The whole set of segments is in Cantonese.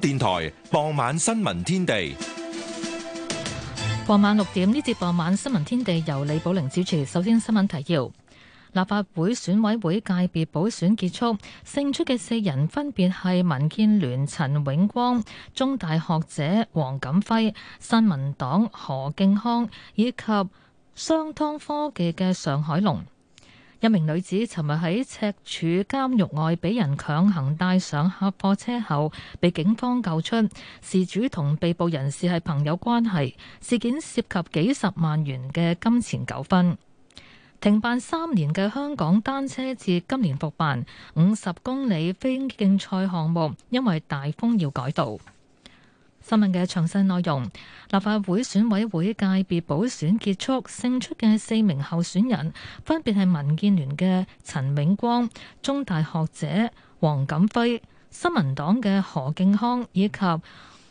電台傍晚新聞天地，傍晚六點呢節傍晚新聞天地由李寶玲主持。首先新聞提要：立法會選委會界別補選結束，勝出嘅四人分別係民建聯陳永光、中大學者黃錦輝、新民黨何敬康以及商湯科技嘅上海龍。一名女子尋日喺赤柱監獄外被人強行帶上客貨車後，被警方救出。事主同被捕人士係朋友關係，事件涉及幾十萬元嘅金錢糾紛。停辦三年嘅香港單車節今年復辦，五十公里非競賽項目因為大風要改道。新聞嘅詳細內容，立法會選委會界別補選結束，勝出嘅四名候選人分別係民建聯嘅陳永光、中大學者黃錦輝、新民黨嘅何敬康以及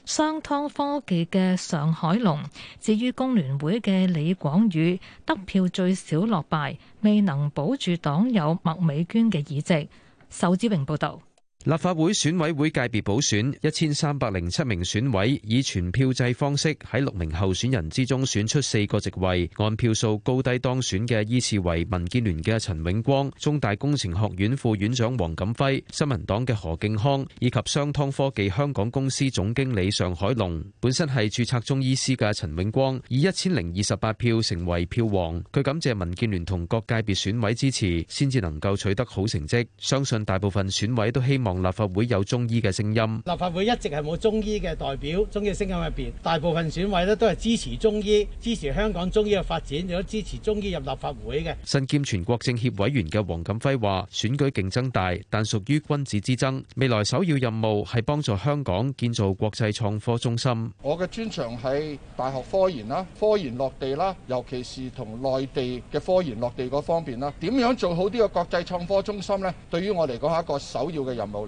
商湯科技嘅尚海龍。至於工聯會嘅李廣宇得票最少落敗，未能保住黨友麥美娟嘅議席。仇志榮報導。立法會選委會界別補選，一千三百零七名選委以全票制方式喺六名候選人之中選出四個席位，按票數高低當選嘅依次為民建聯嘅陳永光、中大工程學院副院長黃錦輝、新民黨嘅何敬康以及商湯科技香港公司總經理尚海龍。本身係註冊中醫師嘅陳永光以一千零二十八票成為票王，佢感謝民建聯同各界別選委支持，先至能夠取得好成績。相信大部分選委都希望。立法會有中醫嘅聲音，立法會一直係冇中醫嘅代表，中醫嘅聲音入邊，大部分選委咧都係支持中醫，支持香港中醫嘅發展，亦都支持中醫入立法會嘅。身兼全國政協委員嘅黃錦輝話，選舉競爭大，但屬於君子之爭。未來首要任務係幫助香港建造國際創科中心。我嘅專長係大學科研啦，科研落地啦，尤其是同內地嘅科研落地嗰方面啦，點樣做好呢個國際創科中心咧？對於我嚟講，係一個首要嘅任務。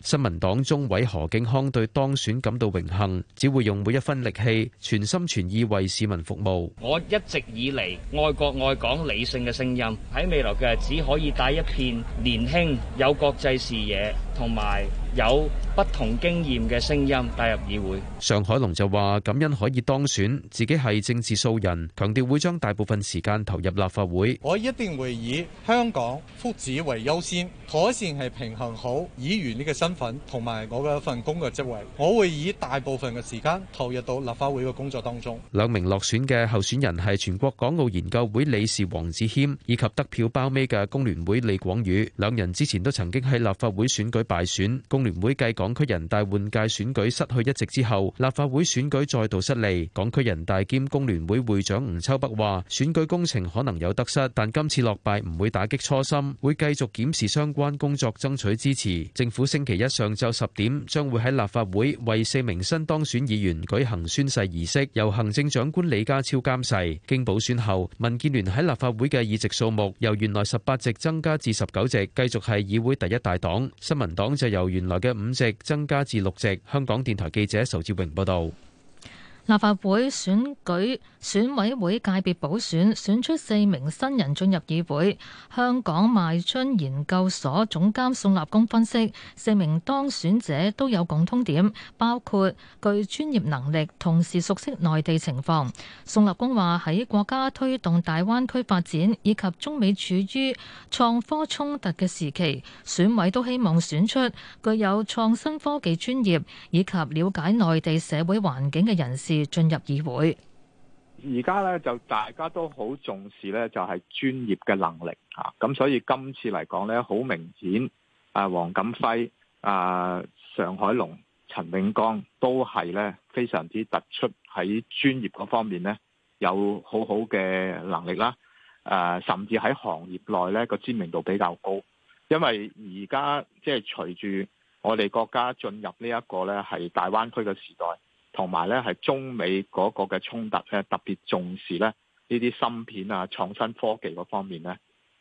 新民黨中委何敬康對當選感到榮幸，只會用每一分力氣，全心全意為市民服務。我一直以來愛國愛港理性嘅聲音喺未來嘅只可以帶一片年輕有國際視野同埋有不同經驗嘅聲音帶入議會。上海龍就話：感恩可以當選，自己係政治素人，強調會將大部分時間投入立法會。我一定會以香港福祉為優先，妥善係平衡好議員呢個身份同埋我嘅一份工嘅職位。我會以大部分嘅時間投入到立法會嘅工作當中。兩名落選嘅候選人係全國港澳研究會理事黃志謙，以及得票包尾嘅工聯會李廣宇。兩人之前都曾經喺立法會選舉敗選。工聯會繼港區人大換屆選舉失去一席之後，立法會選舉再度失利。港區人大兼工聯會會長吳秋北話：選舉工程可能有得失，但今次落敗唔會打擊初心，會繼續檢視相關工作，爭取支持。政府星期一上晝十點，將會喺立法會為四名新當選議員舉行宣誓儀式，由行政長官李家超監誓。經補選後，民建聯喺立法會嘅議席數目由原來十八席增加至十九席，繼續係議會第一大黨。新民黨就由原來嘅五席增加至六席。香港電台記者仇志榮報道。立法會選舉選委會界別補選選出四名新人進入議會。香港邁春研究所總監宋立功分析，四名當選者都有共通點，包括具專業能力，同時熟悉內地情況。宋立功話：喺國家推動大灣區發展以及中美處於創科衝突嘅時期，選委都希望選出具有創新科技專業以及了解內地社會環境嘅人士。進入議會，而家咧，就大家都好重視咧，就係專業嘅能力吓，咁所以今次嚟講咧，好明顯，啊黃錦輝、啊上海龍、陳永剛都係咧非常之突出喺專業嗰方面咧，有好好嘅能力啦，誒甚至喺行業內咧，個知名度比較高，因為而家即係隨住我哋國家進入呢一個咧，係大灣區嘅時代。同埋咧，係中美嗰個嘅衝突咧，特別重視咧呢啲芯片啊、創新科技嗰方面咧。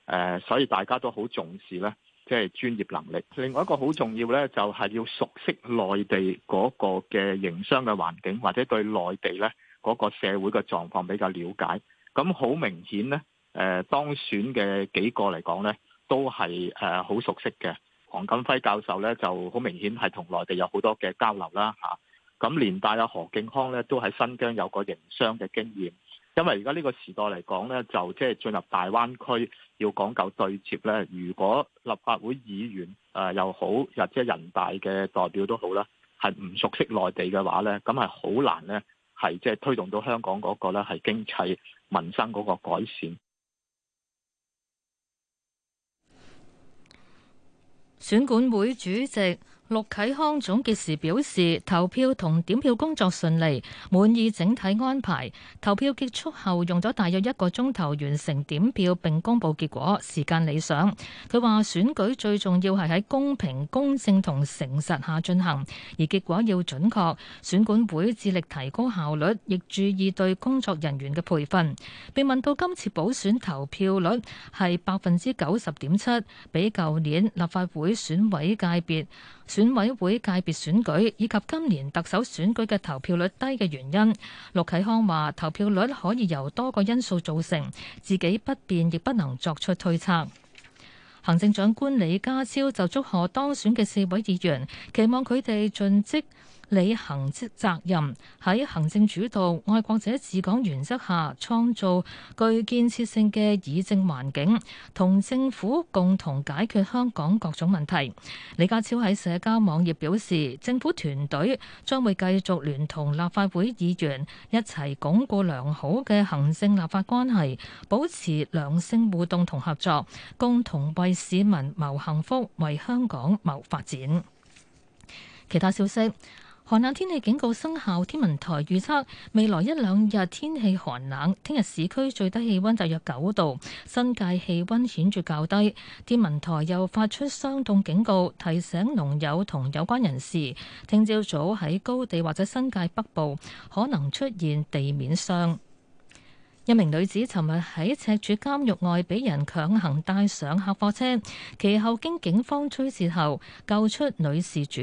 誒，所以大家都好重視咧，即係專業能力。另外一個好重要咧，就係要熟悉內地嗰個嘅營商嘅環境，或者對內地咧嗰個社會嘅狀況比較了解。咁好明顯咧，誒當選嘅幾個嚟講咧，都係誒好熟悉嘅。黃錦輝教授咧，就好明顯係同內地有好多嘅交流啦，嚇。咁連帶阿何敬康咧，都喺新疆有個營商嘅經驗，因為而家呢個時代嚟講咧，就即係進入大灣區要講究對接咧。如果立法會議員誒、呃、又好，或者人大嘅代表都好啦，係唔熟悉內地嘅話咧，咁係好難咧，係即係推動到香港嗰個咧係經濟民生嗰個改善。選管會主席。陸啟康總結時表示，投票同點票工作順利，滿意整體安排。投票結束後用咗大約一個鐘頭完成點票並公布結果，時間理想。佢話選舉最重要係喺公平、公正同誠實下進行，而結果要準確。選管會致力提高效率，亦注意對工作人員嘅培訓。被問到今次補選投票率係百分之九十點七，比舊年立法會選委界別選選委會界別選舉以及今年特首選舉嘅投票率低嘅原因，陸啟康話投票率可以由多個因素造成，自己不便亦不能作出推測。行政長官李家超就祝賀當選嘅四位議員，期望佢哋盡職。履行職責任喺行政主導、愛國者治港原則下，創造具建設性嘅議政環境，同政府共同解決香港各種問題。李家超喺社交網頁表示，政府團隊將會繼續聯同立法會議員一齊鞏固良好嘅行政立法關係，保持良性互動同合作，共同為市民謀幸福，為香港謀發展。其他消息。寒冷天氣警告生效，天文台預測未來一兩日天氣寒冷，聽日市區最低氣溫大約九度，新界氣溫顯著較低。天文台又發出霜凍警告，提醒農友同有關人士，聽朝早喺高地或者新界北部可能出現地面霜。一名女子尋日喺赤柱監獄外俾人強行帶上客貨車，其後經警方驅趕後救出女事主。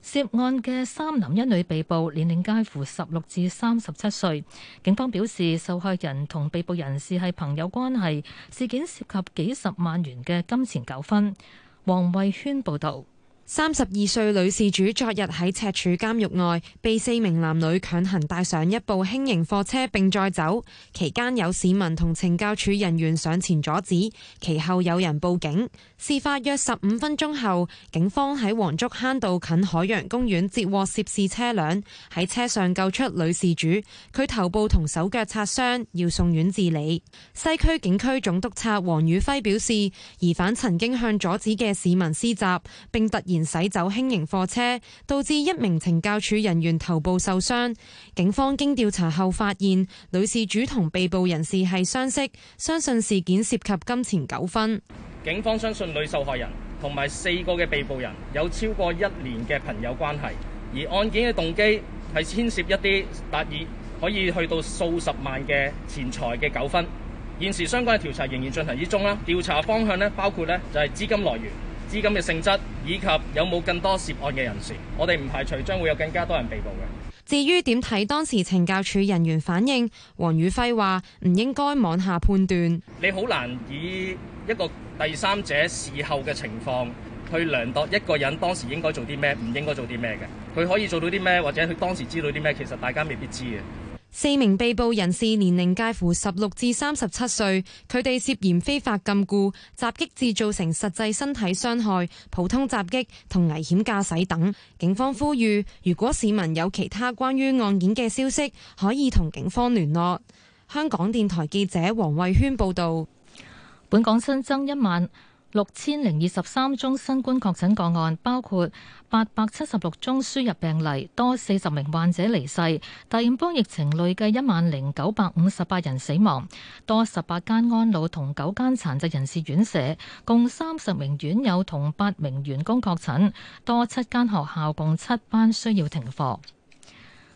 涉案嘅三男一女被捕，年齡介乎十六至三十七歲，警方表示，受害人同被捕人士係朋友關係，事件涉及幾十萬元嘅金錢糾紛，黃慧萱報道。三十二歲女事主昨日喺赤柱監獄外，被四名男女強行帶上一部輕型貨車並載走。期間有市民同懲教署人員上前阻止，其後有人報警。事發約十五分鐘後，警方喺黃竹坑道近海洋公園截獲涉事車輛，喺車上救出女事主。佢頭部同手腳擦傷，要送院治理。西區警區總督察黃宇輝表示，疑犯曾經向阻止嘅市民施襲，並突然駛走輕型貨車，導致一名懲教處人員頭部受傷。警方經調查後發現，女事主同被捕人士係相識，相信事件涉及金錢糾紛。警方相信女受害人同埋四個嘅被捕人有超過一年嘅朋友關係，而案件嘅動機係牽涉一啲達爾可以去到數十萬嘅錢財嘅糾紛。現時相關嘅調查仍然進行之中啦，調查方向呢包括呢就係資金來源。資金嘅性質，以及有冇更多涉案嘅人士，我哋唔排除將會有更加多人被捕嘅。至於點睇當時懲教處人員反應，黃宇輝話唔應該妄下判斷。 你好難以一個第三者事後嘅情況去量度一個人當時應該做啲咩，唔應該做啲咩嘅。佢可以做到啲咩，或者佢當時知道啲咩，其實大家未必知嘅。四名被捕人士年齡介乎十六至三十七歲，佢哋涉嫌非法禁錮、襲擊致造成實際身體傷害、普通襲擊同危險駕駛等。警方呼籲，如果市民有其他關於案件嘅消息，可以同警方聯絡。香港電台記者黃慧軒報道。本港新增一萬。六千零二十三宗新冠確診個案，包括八百七十六宗輸入病例，多四十名患者離世。第五波疫情累計一萬零九百五十八人死亡，多十八間安老同九間殘疾人士院舍，共三十名院友同八名員工確診，多七間學校共七班需要停課。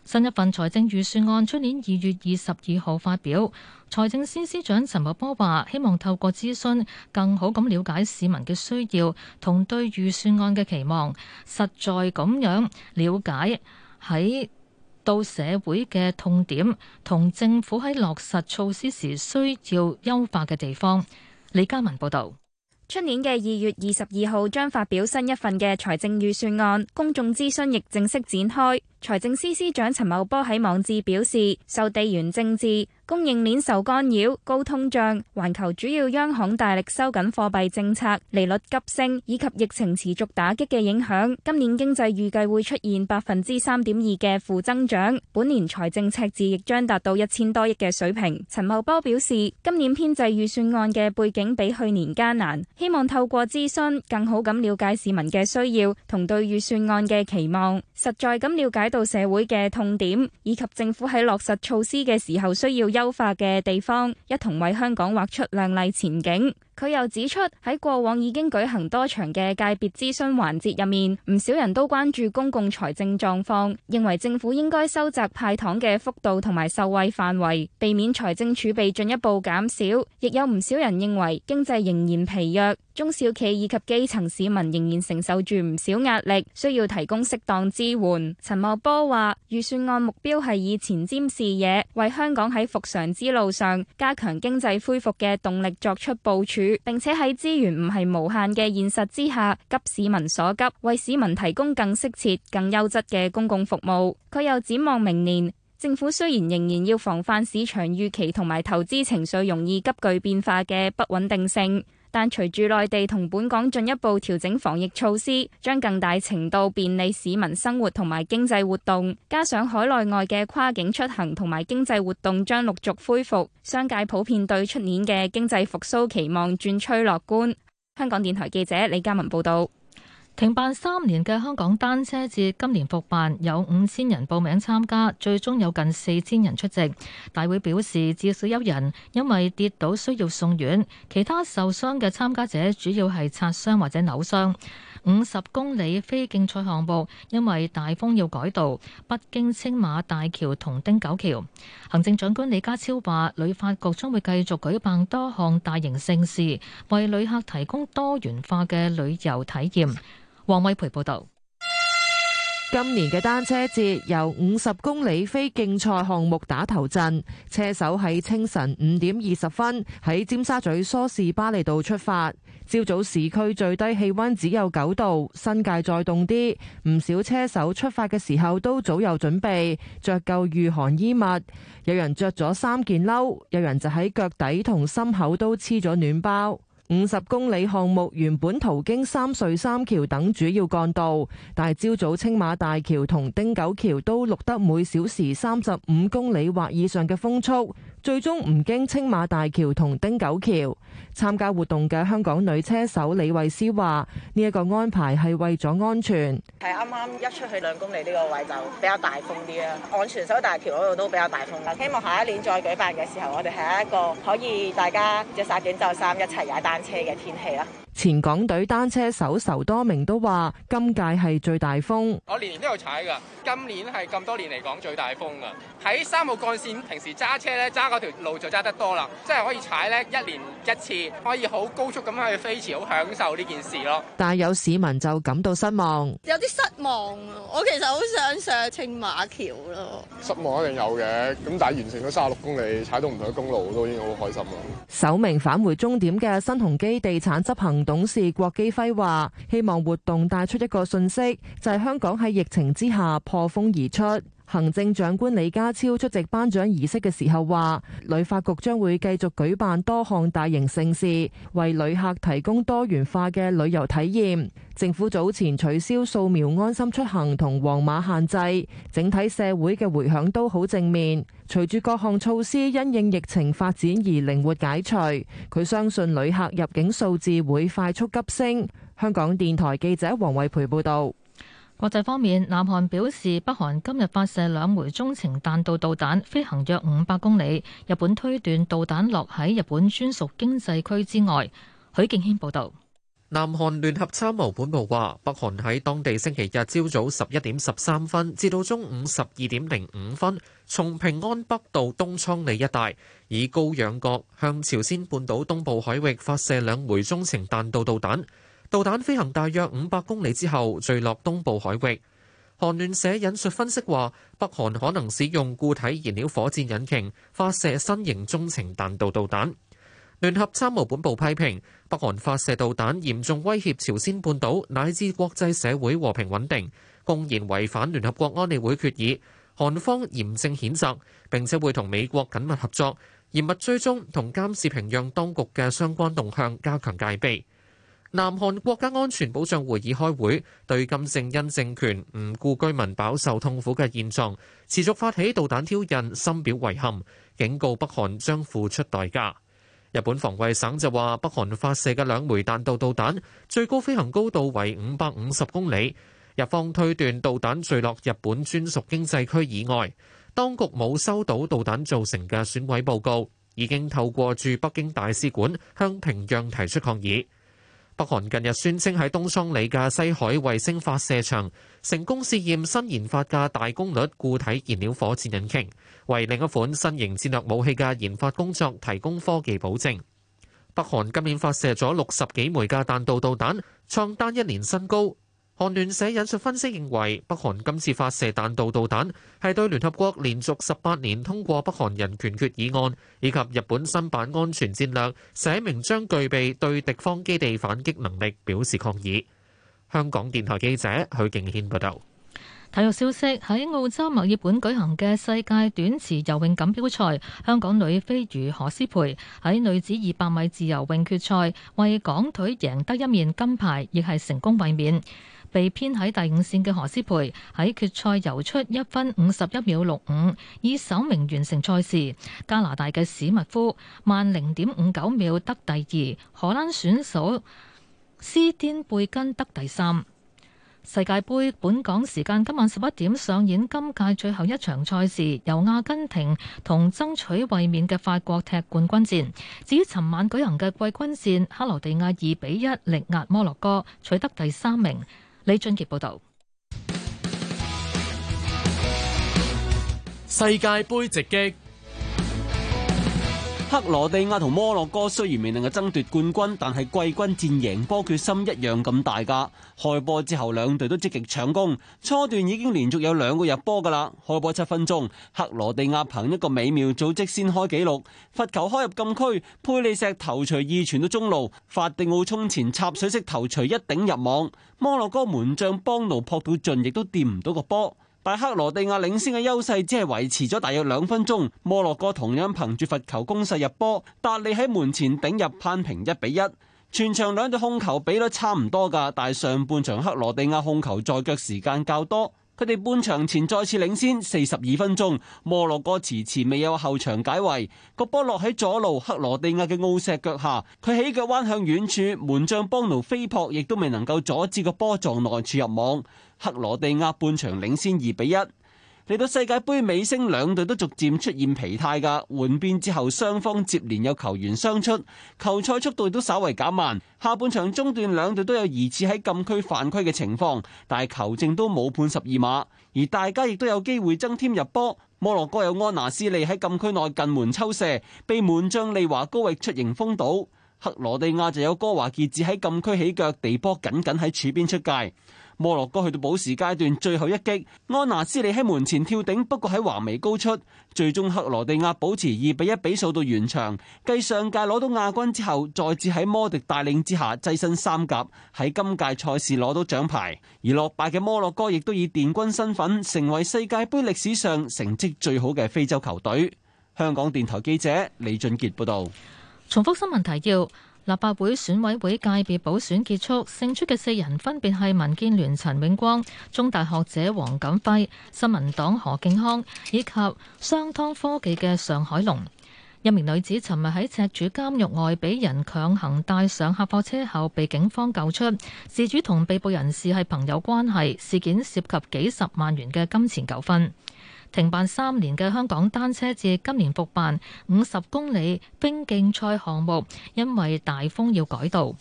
新一份財政預算案出年二月二十二號發表，財政司司長陳茂波話，希望透過諮詢，更好咁了解市民嘅需要同對預算案嘅期望，實在咁樣了解喺到社會嘅痛點，同政府喺落實措施時需要優化嘅地方。李嘉文報導，出年嘅二月二十二號將發表新一份嘅財政預算案，公眾諮詢亦正式展開。財政司司長陳茂波喺網誌表示，受地緣政治、供應鏈受干擾、高通脹、環球主要央行大力收緊貨幣政策、利率急升以及疫情持續打擊嘅影響，今年經濟預計會出現百分之三點二嘅負增長。本年財政赤字亦將達到一千多億嘅水平。陳茂波表示，今年編製預算案嘅背景比去年艱難，希望透過諮詢，更好咁了解市民嘅需要同對預算案嘅期望。實在咁了解到社會嘅痛點，以及政府喺落實措施嘅時候需要優化嘅地方，一同為香港畫出靚麗前景。佢又指出，喺過往已經舉行多場嘅界別諮詢環節入面，唔少人都關注公共財政狀況，認為政府應該收窄派糖嘅幅度同埋受惠範圍，避免財政儲備進一步減少。亦有唔少人認為經濟仍然疲弱，中小企以及基層市民仍然承受住唔少壓力，需要提供適當支援。陳茂波話：預算案目標係以前瞻視野，為香港喺復常之路上加強經濟恢復嘅動力作出部署。並且喺資源唔係無限嘅現實之下，急市民所急，為市民提供更適切、更優質嘅公共服務。佢又展望明年，政府雖然仍然要防範市場預期同埋投資情緒容易急劇變化嘅不穩定性。但隨住內地同本港進一步調整防疫措施，將更大程度便利市民生活同埋經濟活動，加上海內外嘅跨境出行同埋經濟活動將陸續恢復，商界普遍對出年嘅經濟復蘇期望轉趨樂觀，香港電台記者李嘉文報道。停辦三年嘅香港單車節今年復辦，有五千人報名參加，最終有近四千人出席。大會表示至少有人因為跌倒需要送院，其他受傷嘅參加者主要係擦傷或者扭傷。五十公里非競賽項目因為大風要改道，北京青馬大橋同汀九橋。行政長官李家超話，旅發局將會繼續舉辦多項大型盛事，為旅客提供多元化嘅旅遊體驗。黃偉培報道：今年嘅單車節由五十公里非競賽項目打頭陣，車手喺清晨五點二十分喺尖沙咀梳士巴利道出發。朝早市區最低氣溫只有九度，新界再凍啲。唔少車手出發嘅時候都早有準備，着夠禦寒衣物。有人着咗三件褸，有人就喺腳底同心口都黐咗暖包。五十公里項目原本途經三隧三橋等主要幹道，但朝早青馬大橋同汀九橋都錄得每小時三十五公里或以上嘅風速，最終唔經青馬大橋同汀九橋。參加活動嘅香港女車手李慧詩話：呢一個安排係為咗安全。係啱啱一出去兩公里呢個位就比較大風啲啦，安全所以大橋嗰度都比較大風啦。希望下一年再舉辦嘅時候，我哋係一個可以大家着晒短袖衫一齊踩單車嘅天氣啊！前港隊單車手仇多明都話，今屆係最大風。我年年都有踩㗎，今年係咁多年嚟講最大風的。喺三號幹線，平時揸車呢，揸嗰條路就揸得多了。即係可以踩呢一年一次，可以好高速咁去飛馳，好享受呢件事囉。但係有市民就感到失望。有啲失望。我其實好想上青馬橋囉。失望一定有嘅，但係完成咗三十六公里，踩到唔同嘅公路，都已經好開心喇。首名返回終點嘅新鴻基地產執行。董事郭基輝話，希望活動帶出一個信息，就係香港喺疫情之下破風而出。行政長官李家超出席頒獎儀式嘅時候話，旅發局將會繼續舉辦多項大型盛事，為旅客提供多元化嘅旅遊體驗。政府早前取消掃描安心出行同黃碼限制，整體社會嘅回響都好正面。隨住各項措施因應疫情發展而靈活解除，佢相信旅客入境數字會快速急升。香港電台記者黃慧培報導。國際方面，南韓表示，北韓今日發射兩枚中程彈道導彈，飛行約五百公里。日本推斷導彈落喺日本專屬經濟區之外。許敬軒報道。南韓聯合參謀本部話，北韓喺當地星期日朝早十一點十三分至到中午十二點零五分，從平安北道東倉里一帶，以高仰角向朝鮮半島東部海域發射兩枚中程彈道導彈。導彈飛行大約五百公里之後，墜落東部海域。韓聯社引述分析話，北韓可能使用固體燃料火箭引擎發射新型中程彈道導彈。聯合參謀本部批評北韓發射導彈嚴重威脅朝鮮半島乃至國際社會和平穩定，公然違反聯合國安理會決議。韓方嚴正譴責，並且會同美國緊密合作，嚴密追蹤同監視平壤當局嘅相關動向，加強戒備。南韓國家安全保障會議開會，對金正恩政權唔顧居民飽受痛苦嘅現狀，持續發起導彈挑釁，深表遺憾，警告北韓將付出代價。日本防衛省就話，北韓發射嘅兩枚彈道導彈，最高飛行高度為五百五十公里，日方推斷導彈墜落日本專屬經濟區以外，當局冇收到導彈造成嘅損毀報告，已經透過駐北京大使館向平壤提出抗議。北韓近日宣稱喺東倉里嘅西海衛星發射場成功試驗新研發嘅大功率固體燃料火箭引擎，為另一款新型戰略武器嘅研發工作提供科技保證。北韓今年發射咗六十幾枚嘅彈道導彈，創單一年新高。韓聯社引述分析認為，北韓今次發射彈道導彈，係對聯合國連續十八年通過北韓人權決議案，以及日本新版安全戰略寫明將具備對敵方基地反擊能力表示抗議。香港電台記者許敬軒報道。體育消息，喺澳洲墨爾本舉行嘅世界短池游泳錦標賽，香港女飛魚何詩蓓喺女子二百米自由泳決賽為港隊贏得一面金牌，亦係成功衛冕。被編喺第五線嘅何詩蓓喺決賽游出一分五十一秒六五，以首名完成賽事。加拿大嘅史密夫慢零點五九秒得第二，荷蘭選手斯顛貝根得第三。世界杯本港時間今晚十一點上演今屆最後一場賽事，由阿根廷同爭取衛冕嘅法國踢冠軍戰。至於尋晚舉行嘅季軍戰，克羅地亞二比一力壓摩洛哥，取得第三名。李俊杰報道，世界杯直擊。克羅地亞同摩洛哥雖然未能夠爭奪冠軍，但係季軍戰贏波決心一樣咁大噶。開波之後，兩隊都積極搶攻，初段已經連續有兩個入波噶啦。開波七分鐘，克羅地亞憑一個美妙組織先開紀錄，罰球開入禁區，佩利石頭錘二傳到中路，法迪奧衝前插水式頭錘一頂入網，摩洛哥門將邦奴撲到盡，亦都掂唔到個波。但克羅地亞領先嘅優勢只係維持咗大約兩分鐘，摩洛哥同樣憑住罰球攻勢入波，達利喺門前頂入扳平一比一。全場兩隊控球比率差唔多㗎，但係上半場克羅地亞控球在腳時間較多。佢哋半場前再次領先，四十二分鐘，摩洛哥遲遲未有後場解圍，個波落喺左路克羅地亞嘅奧石腳下，佢起腳彎向遠處門將邦奴飛撲，亦都未能夠阻止個波撞內柱入網，克羅地亞半場領先二比一。嚟到世界盃尾聲，兩隊都逐漸出現疲態㗎。換邊之後，雙方接連有球員傷出，球賽速度亦都稍為減慢。下半場中段，兩隊都有疑似喺禁區犯規嘅情況，但係球證都冇判十二碼。而大家亦都有機會增添入波。摩洛哥有安娜斯利喺禁區內近門抽射，被門將利華高域出迎封堵。克羅地亞就有哥華傑子喺禁區起腳地波，緊緊喺柱邊出界。摩洛哥去到補時階段最後一擊，安娜斯利喺門前跳頂，不過喺華眉高出，最終克羅地亞保持二比一比數到完場。繼上屆攞到亞軍之後，再次喺摩迪帶領之下躋身三甲，喺今屆賽事攞到獎牌。而落敗嘅摩洛哥亦都以殿軍身份，成為世界盃歷史上成績最好嘅非洲球隊。香港電台記者李俊傑報道。重複新聞提要。立法會選委會界別補選結束，勝出嘅四人分別係民建聯陳永光、中大學者黃錦輝、新民黨何敬康以及商湯科技嘅尚海龍。一名女子尋日喺赤柱監獄外俾人強行帶上客貨車後，被警方救出。事主同被捕人士係朋友關係，事件涉及幾十萬元嘅金錢糾紛。停辦三年嘅香港單車節今年復辦，五十公里冰競賽項目因為大風要改道。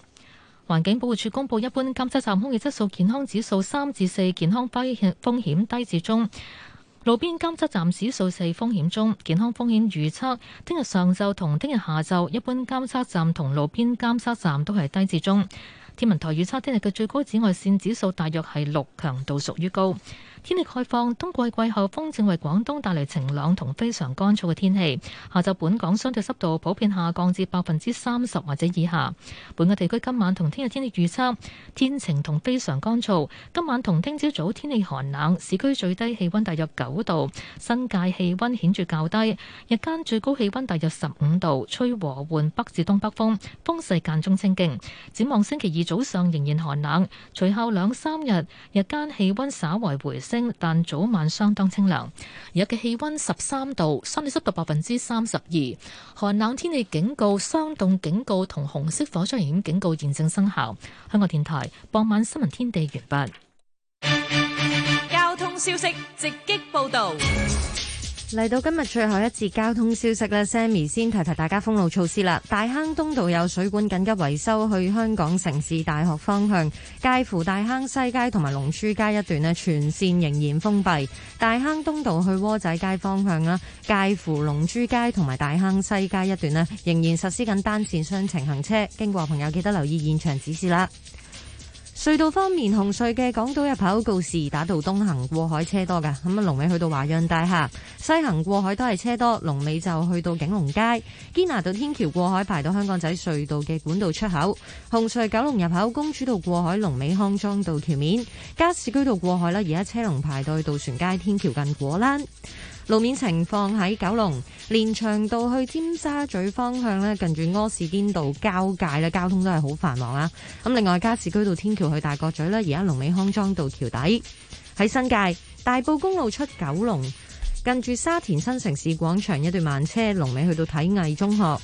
環境保護署公布，一般監測站空氣質素健康指數三至四，健康風險低至中；路邊監測站指數四，風險中，健康風險預測。聽日上晝同聽日下晝，一般監測站同路邊監測站都係低至中。天文台預測，聽日嘅最高紫外線指數大約係六，強度屬於高。天氣開放，冬季季候風正為廣東帶來晴朗同非常乾燥嘅天氣。下晝本港相對濕度普遍下降至百分之三十或者以下。本個地區今晚同聽日天氣預測：天晴同非常乾燥。今晚同聽朝早天氣寒冷，市區最低氣溫大約九度，新界氣溫顯著較低。日間最高氣溫大約十五度，吹和緩北至東北風，風勢間中清勁。展望星期二早上仍然寒冷，隨後兩三日日間氣溫稍為回升。但早晚相當清涼，而家嘅氣溫十三度，相對濕度百分之三十二，寒冷天氣警告、霜凍警告同紅色火災危險警告現正生效。香港電台傍晚新聞天地完畢。交通消息，直擊報道。嚟到今日最後一節交通消息咧，Sammy 先提提大家封路措施啦。大坑東道有水管緊急維修，去香港城市大學方向，介乎大坑西街同埋龍珠街一段呢，全線仍然封閉。大坑東道去窩仔街方向啦，介乎龍珠街同埋大坑西街一段呢，仍然實施緊單線雙程行車，經過朋友記得留意現場指示啦。隧道方面，紅隧嘅港島入口告士打道東行過海車多㗎，咁啊龍尾去到華潤大廈，西行過海都係車多，龍尾就去到景隆街堅拿道天橋過海排到香港仔隧道嘅管道出口。紅隧九龍入口公主道過海龍尾康莊道橋面，加士居道過海啦，而家車龍排到去渡船街天橋近果欄。路面情況喺九龍連翔道去尖沙咀方向咧，近住柯士甸道交界咧，交通都係好繁忙啦。咁另外，加士居道天橋去大角咀咧，而家龍尾康莊道橋底喺，新界大埔公路出九龍，近住沙田新城市廣場一段慢車龍尾去到體藝中學。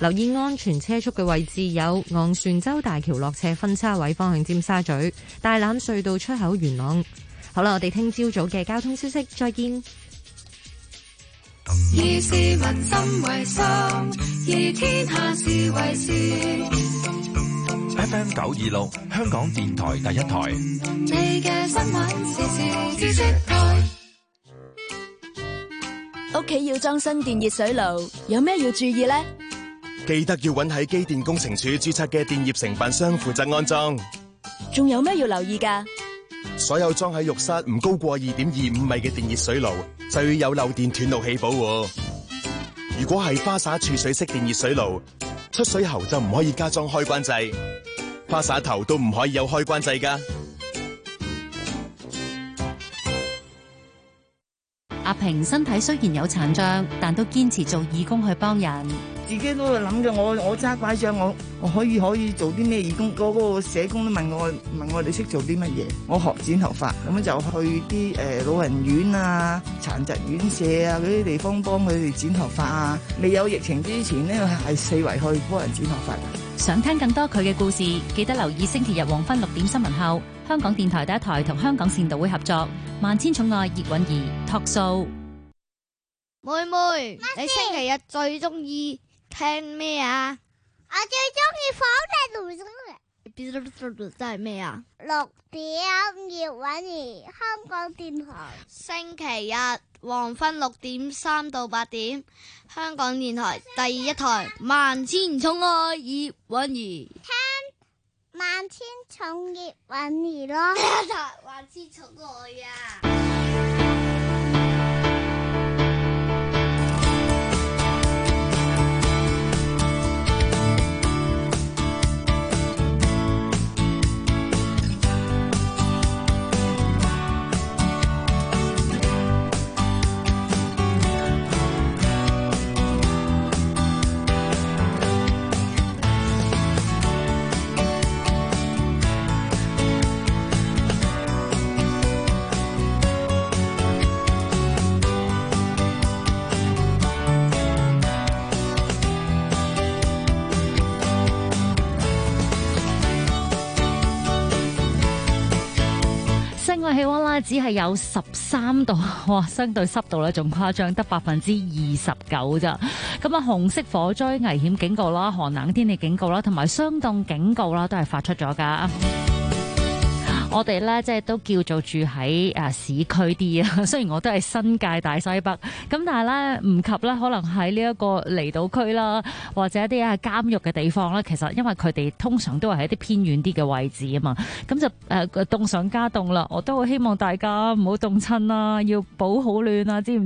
留意安全車速嘅位置有昂船洲大橋落斜分叉位、方向尖沙咀、大欖隧道出口元朗。好啦，我哋聽朝早嘅交通消息再見。以市民心為心，以天下事為事。FM 九二六，香港電台第一台。 你嘅新聞時事知識台。屋企要裝新電熱水爐，有咩要注意咧？記得要搵喺機電工程署註冊嘅電業承辦商負責安裝。仲有咩要留意噶？所有裝喺浴室唔高過二點二五米嘅電熱水爐就要有漏電斷路器保護。如果係花灑儲水式電熱水爐，出水喉就唔可以加裝開關掣，花灑頭都唔可以有開關掣㗎。阿平身體雖然有殘障，但都堅持做義工去幫人。自己都係度諗嘅，我我揸拐杖，我我可以可以做啲咩義工？嗰個社工都問我問我哋識做啲乜嘢？我學剪頭髮，咁就去啲誒老人院啊、殘疾院舍啊嗰啲地方幫佢哋剪頭髮啊。未有疫情之前呢係四圍去幫人剪頭髮。想聽更多佢嘅故事，記得留意星期日黃昏六點新聞後，香港電台第一台同香港善導會合作《萬千寵愛葉蘊儀》Talk Show。妹妹，你星期日最中意聽咩啊？我最中意火《玲瓏》。即係咩啊？六點葉蘊儀香港電台，星期日黃昏六點三到八點，香港電台第一台萬千寵愛葉蘊儀，聽萬千寵愛葉蘊儀咯，台 萬千寵愛呀、啊。氣溫啦，只係有十三度，哇！相對濕度咧，仲誇張得百分之二十九咋？咁啊，紅色火災危險警告啦，寒冷天氣警告啦，同埋霜凍警告啦，都係發出咗㗎。我哋咧即係都叫做住喺誒、呃、市區啲啊，雖然我都係新界大西北，咁但係咧唔及咧可能喺呢一個離島區啦，或者一啲啊監獄嘅地方啦，其實因為佢哋通常都係一啲偏遠啲嘅位置啊嘛，咁就誒、呃、凍上加凍啦。我都好希望大家唔好凍親啦，要保好暖啊知，知